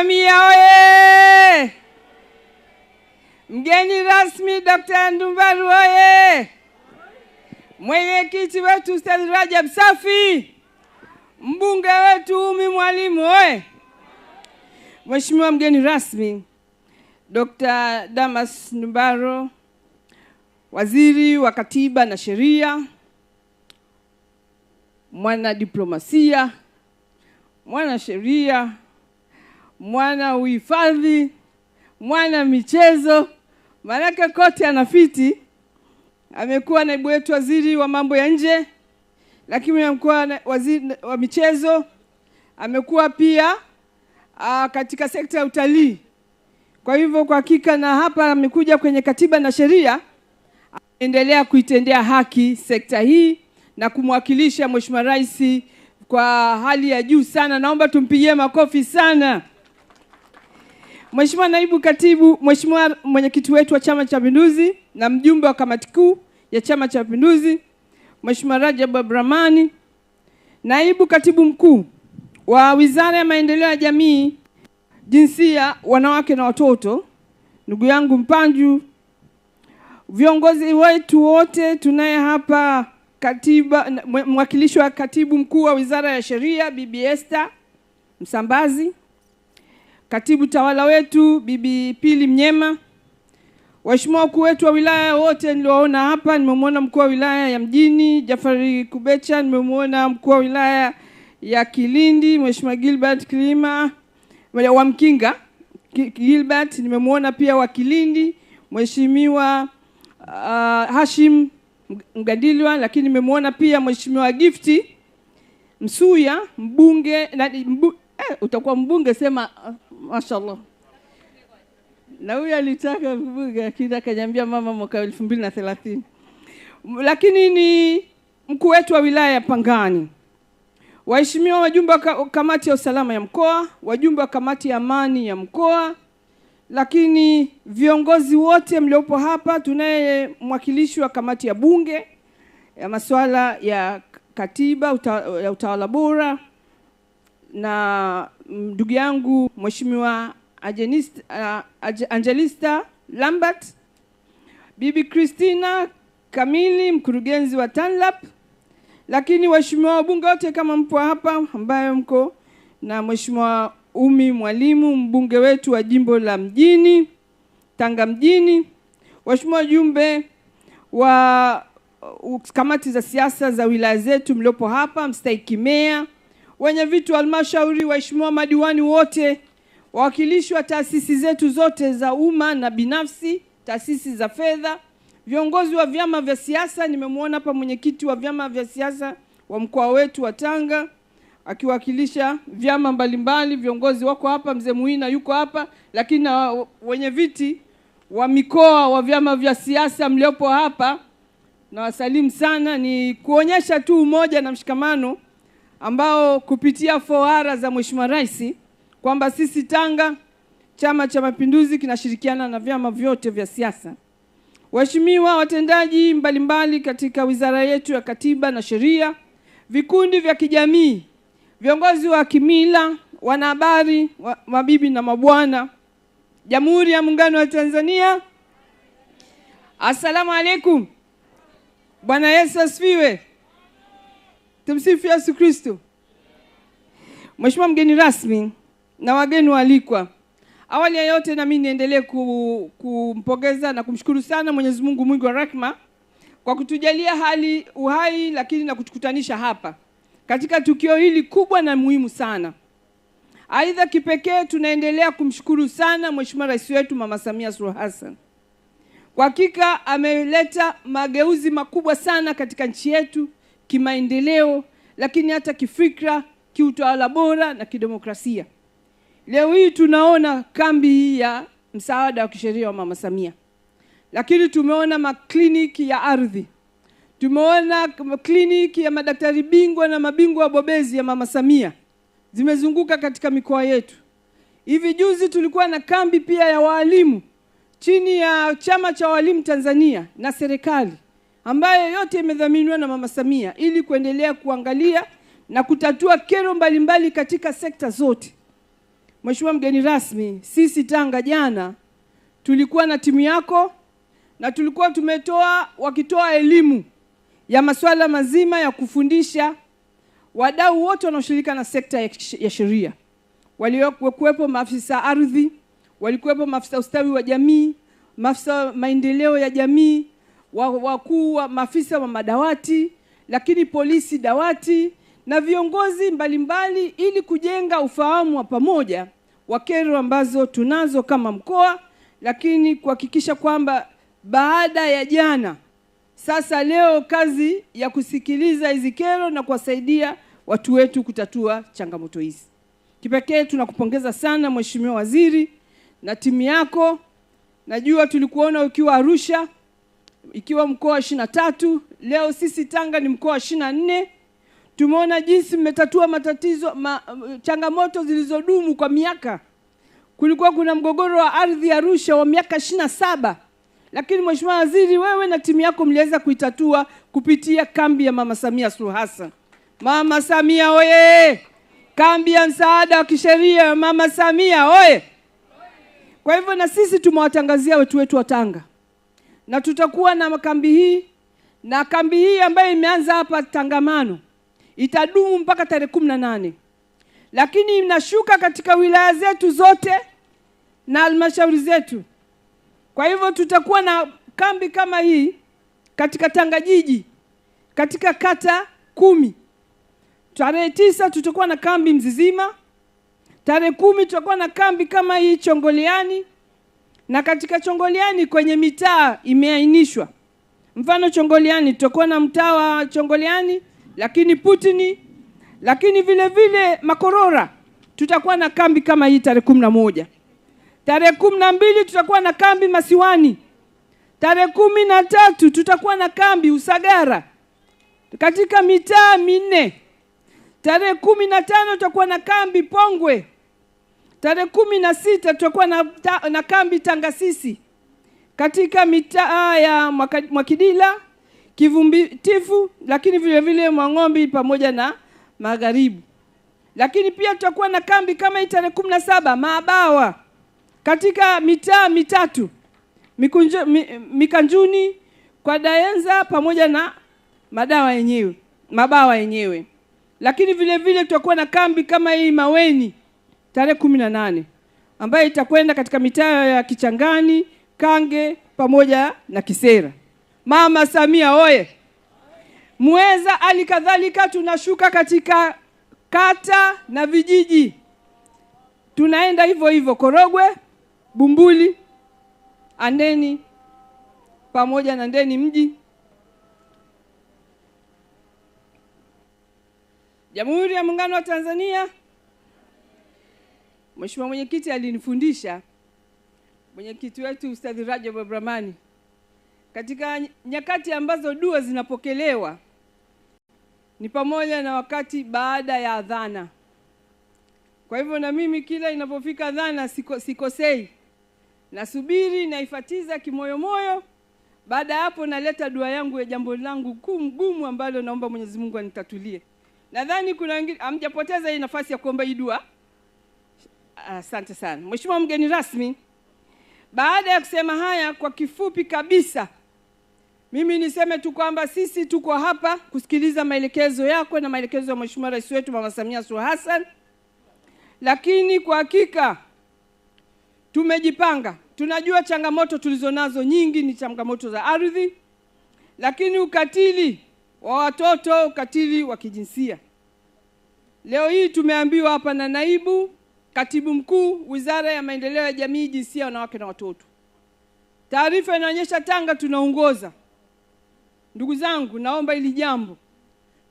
Samia oye! Mgeni rasmi Dr. Ndumbaru oye! Mwenyekiti wetu Ustaz Rajab Safi, mbunge wetu Umi Mwalimu oye! Mheshimiwa mgeni rasmi Dr. Damas Ndumbaru, waziri wa Katiba na Sheria, mwanadiplomasia, sheria mwana uhifadhi, mwana michezo, maanake kote anafiti. Amekuwa naibu wetu waziri wa mambo ya nje, lakini amekuwa waziri wa michezo, amekuwa pia a, katika sekta ya utalii. Kwa hivyo kwa hakika, na hapa amekuja kwenye katiba na sheria, ameendelea kuitendea haki sekta hii na kumwakilisha Mheshimiwa Rais kwa hali ya juu sana. Naomba tumpigie makofi sana. Mheshimiwa naibu katibu, Mheshimiwa mwenyekiti wetu wa Chama cha Mapinduzi na mjumbe wa kamati kuu ya Chama cha Mapinduzi, Mheshimiwa Rajab abrahmani naibu katibu mkuu wa Wizara ya Maendeleo ya Jamii, Jinsia, Wanawake na Watoto, ndugu yangu Mpanju, viongozi wetu wote tunaye hapa katiba, mwakilishi wa katibu mkuu wa Wizara ya Sheria, Bibi Esther Msambazi katibu tawala wetu Bibi Pili Mnyema, waheshimiwa wakuu wetu wa wilaya wote niliowaona hapa. Nimemwona mkuu wa wilaya ya Mjini Jafari Kubecha, nimemwona mkuu wa wilaya ya Kilindi Mheshimiwa Gilbert Kilima wa Mkinga Gilbert, nimemwona pia wa Kilindi Mheshimiwa uh, Hashim Mgandilwa, lakini nimemwona pia Mheshimiwa Gifti Msuya mbunge na, mbu, eh, utakuwa mbunge sema mashallah. Na huyu alitaka kuvuga lakini akaniambia mama, mwaka elfu mbili na thelathini. Lakini ni mkuu wetu wa wilaya ya Pangani, waheshimiwa wajumbe wa kamati ya usalama ya mkoa, wajumbe wa kamati ya amani ya mkoa, lakini viongozi wote mliopo hapa, tunaye mwakilishi wa kamati ya bunge ya masuala ya katiba uta, ya utawala bora na ndugu yangu Mheshimiwa Angelista Lambert, Bibi Christina Kamili, mkurugenzi wa TANLAP, lakini waheshimiwa wabunge wote kama mpo hapa ambayo mko na Mheshimiwa Umi Mwalimu, mbunge wetu wa jimbo la mjini Tanga mjini, waheshimiwa wajumbe wa kamati za siasa za wilaya zetu mliopo hapa, mstaikimea wenye viti wa halmashauri, waheshimiwa madiwani wote, wawakilishi wa taasisi zetu zote za umma na binafsi, taasisi za fedha, viongozi wa vyama vya siasa. Nimemwona hapa mwenyekiti wa vyama vya siasa wa mkoa wetu wa Tanga akiwakilisha vyama mbalimbali, viongozi wako hapa, mzee Muina yuko hapa, lakini na wenye viti wa mikoa wa vyama vya siasa mliopo hapa, nawasalimu sana. Ni kuonyesha tu umoja na mshikamano ambao kupitia foara za Mheshimiwa Rais kwamba sisi Tanga Chama cha Mapinduzi kinashirikiana na vyama vyote vya siasa. Waheshimiwa watendaji mbalimbali mbali katika wizara yetu ya Katiba na Sheria, vikundi vya kijamii, viongozi wa kimila, wanahabari, wa, mabibi na mabwana, Jamhuri ya Muungano wa Tanzania, assalamu alaikum. Bwana Yesu asifiwe. Tumsifu Yesu Kristo. Mheshimiwa mgeni rasmi na wageni waalikwa, awali ya yote mimi niendelee ku, kumpongeza na kumshukuru sana Mwenyezi Mungu mwingi wa rahma kwa kutujalia hali uhai, lakini na kutukutanisha hapa katika tukio hili kubwa na muhimu sana. Aidha, kipekee tunaendelea kumshukuru sana Mheshimiwa Rais wetu Mama Samia Suluhu Hassan. Kwa hakika ameleta mageuzi makubwa sana katika nchi yetu kimaendeleo, lakini hata kifikra, kiutawala bora na kidemokrasia. Leo hii tunaona kambi hii ya msaada wa kisheria wa Mama Samia, lakini tumeona makliniki ya ardhi, tumeona kliniki ya madaktari bingwa na mabingwa bobezi ya Mama Samia zimezunguka katika mikoa yetu. Hivi juzi tulikuwa na kambi pia ya waalimu chini ya Chama cha Walimu Tanzania na serikali ambayo yote imedhaminiwa na Mama Samia ili kuendelea kuangalia na kutatua kero mbalimbali mbali katika sekta zote. Mheshimiwa mgeni rasmi, sisi Tanga jana tulikuwa na timu yako na tulikuwa tumetoa wakitoa elimu ya masuala mazima ya kufundisha wadau wote wanaoshirika na sekta ya sheria, waliokuwepo maafisa ardhi, walikuwepo maafisa ustawi wa jamii, maafisa maendeleo ya jamii wakuu wa maafisa wa madawati, lakini polisi dawati na viongozi mbalimbali, ili kujenga ufahamu wa pamoja wa kero ambazo tunazo kama mkoa, lakini kuhakikisha kwamba baada ya jana sasa leo kazi ya kusikiliza hizi kero na kuwasaidia watu wetu kutatua changamoto hizi. Kipekee tunakupongeza sana Mheshimiwa Waziri na timu yako. Najua tulikuona ukiwa Arusha ikiwa mkoa wa ishirini na tatu. Leo sisi Tanga ni mkoa wa ishirini na nne. Tumeona jinsi mmetatua matatizo ma, changamoto zilizodumu kwa miaka. Kulikuwa kuna mgogoro wa ardhi ya Arusha wa miaka ishirini na saba, lakini Mheshimiwa Waziri, wewe na timu yako mliweza kuitatua kupitia kambi ya Mama Samia Suluhu Hassan. Mama Samia oye! Kambi ya msaada wa kisheria ya Mama Samia oye! Kwa hivyo na sisi tumewatangazia wetu wetu wa Tanga na tutakuwa na kambi hii na kambi hii ambayo imeanza hapa Tangamano itadumu mpaka tarehe kumi na nane, lakini inashuka katika wilaya zetu zote na halmashauri zetu. Kwa hivyo tutakuwa na kambi kama hii katika Tanga jiji katika kata kumi. Tarehe tisa tutakuwa na kambi Mzizima, tarehe kumi tutakuwa na kambi kama hii Chongoleani na katika chongoliani kwenye mitaa imeainishwa. Mfano chongoliani tutakuwa na mtaa wa chongoliani lakini Putini, lakini vile vile Makorora tutakuwa na kambi kama hii tarehe kumi na moja. Tarehe kumi na mbili tutakuwa na kambi Masiwani. Tarehe kumi na tatu tutakuwa na kambi Usagara katika mitaa minne. Tarehe kumi na tano tutakuwa na kambi Pongwe. Tarehe kumi na sita tutakuwa na, na kambi Tangasisi katika mitaa ya Mwakidila, Tifu, lakini vile vile Mwang'ombe pamoja na Magharibi. Lakini pia tutakuwa na kambi kama hii tarehe kumi na saba Mabawa katika mitaa mitatu Mikunjo, mi, Mikanjuni kwa Daenza pamoja na madawa yenyewe mabawa yenyewe, lakini vile vile tutakuwa na kambi kama hii Maweni tarehe kumi na nane ambayo itakwenda katika mitaa ya Kichangani, Kange pamoja na Kisera. Mama Samia oye! Muweza hali kadhalika tunashuka katika kata na vijiji, tunaenda hivyo hivyo Korogwe, Bumbuli, Andeni pamoja na Ndeni mji. Jamhuri ya Muungano wa Tanzania Mheshimiwa Mwenyekiti alinifundisha mwenyekiti wetu Ustadhi Rajab Abramani katika nyakati ambazo dua zinapokelewa ni pamoja na wakati baada ya adhana. Kwa hivyo na mimi kila inapofika adhana siko, sikosei, nasubiri naifatiza kimoyomoyo. Baada ya hapo, naleta dua yangu ya jambo langu kuu mgumu ambalo naomba Mwenyezi Mungu anitatulie. Nadhani kuna hamjapoteza hii nafasi ya kuomba hii dua. Asante uh, sana Mheshimiwa mgeni rasmi, baada ya kusema haya kwa kifupi kabisa, mimi niseme tu kwamba sisi tuko hapa kusikiliza maelekezo yako na maelekezo ya Mheshimiwa Rais wetu Mama Samia Suluhu Hassan, lakini kwa hakika tumejipanga. Tunajua changamoto tulizonazo nyingi ni changamoto za ardhi, lakini ukatili wa watoto, ukatili wa kijinsia. Leo hii tumeambiwa hapa na naibu Katibu Mkuu, Wizara ya Maendeleo ya Jamii, Jinsia, Wanawake na Watoto. Taarifa inaonyesha Tanga tunaongoza. Ndugu zangu, naomba hili jambo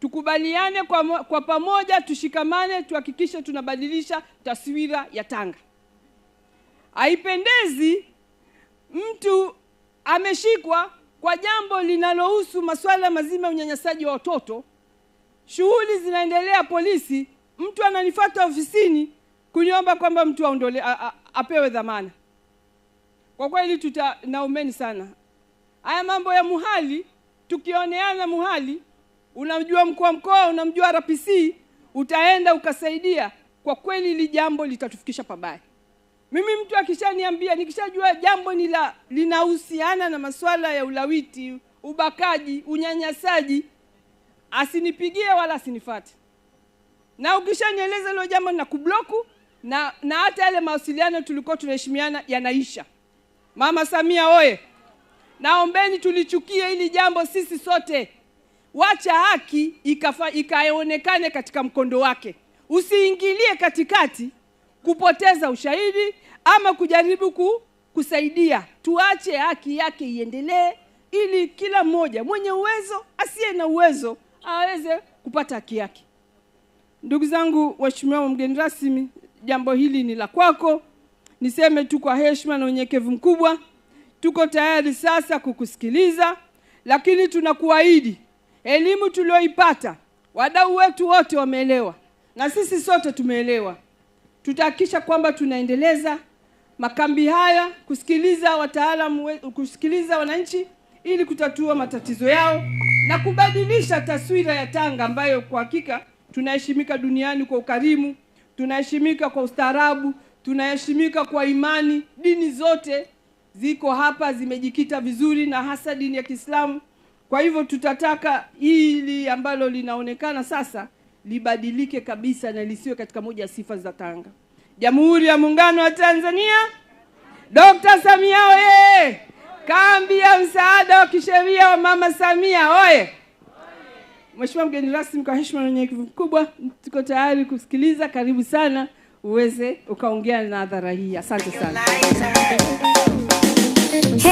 tukubaliane kwa, kwa pamoja, tushikamane, tuhakikishe tunabadilisha taswira ya Tanga. Haipendezi mtu ameshikwa kwa jambo linalohusu masuala mazima ya unyanyasaji wa watoto, shughuli zinaendelea polisi, mtu ananifuata ofisini kunyomba kwamba mtu aondole, apewe dhamana. Kwa kweli tutanaumeni sana haya mambo ya muhali, tukioneana muhali, unamjua mkuu wa mkoa, unamjua RPC, utaenda ukasaidia. Kwa kweli hili jambo litatufikisha pabaya. Mimi mtu akishaniambia, nikishajua jambo ni la linahusiana na masuala ya ulawiti, ubakaji, unyanyasaji, asinipigie wala asinifate. Na ukishanieleza hilo jambo, kubloku na na hata yale mawasiliano tulikuwa tunaheshimiana yanaisha. Mama Samia oye! Naombeni tulichukie hili jambo sisi sote, wacha haki ikaonekane katika mkondo wake, usiingilie katikati kupoteza ushahidi ama kujaribu ku, kusaidia. Tuache haki yake iendelee, ili kila mmoja mwenye uwezo, asiye na uwezo aweze kupata haki yake. Ndugu zangu, waheshimiwa mgeni rasmi, jambo hili ni la kwako. Niseme tu kwa heshima na unyenyekevu mkubwa, tuko tayari sasa kukusikiliza, lakini tunakuahidi elimu tulioipata, wadau wetu wote wameelewa na sisi sote tumeelewa. Tutahakikisha kwamba tunaendeleza makambi haya kusikiliza wataalamu, kusikiliza wananchi ili kutatua matatizo yao na kubadilisha taswira ya Tanga ambayo kwa hakika tunaheshimika duniani kwa ukarimu tunaheshimika kwa ustaarabu, tunaheshimika kwa imani. Dini zote ziko hapa zimejikita vizuri, na hasa dini ya Kiislamu. Kwa hivyo tutataka hili ambalo linaonekana sasa libadilike kabisa na lisiwe katika moja ya sifa za Tanga. Jamhuri ya Muungano wa Tanzania, Dr. Samia oye! Kambi ya msaada wa kisheria wa Mama Samia oye! Mheshimiwa mgeni rasmi, kwa heshima na unyenyekevu mkubwa, tuko tayari kusikiliza. Karibu sana uweze ukaongea na hadhara hii. Asante sana.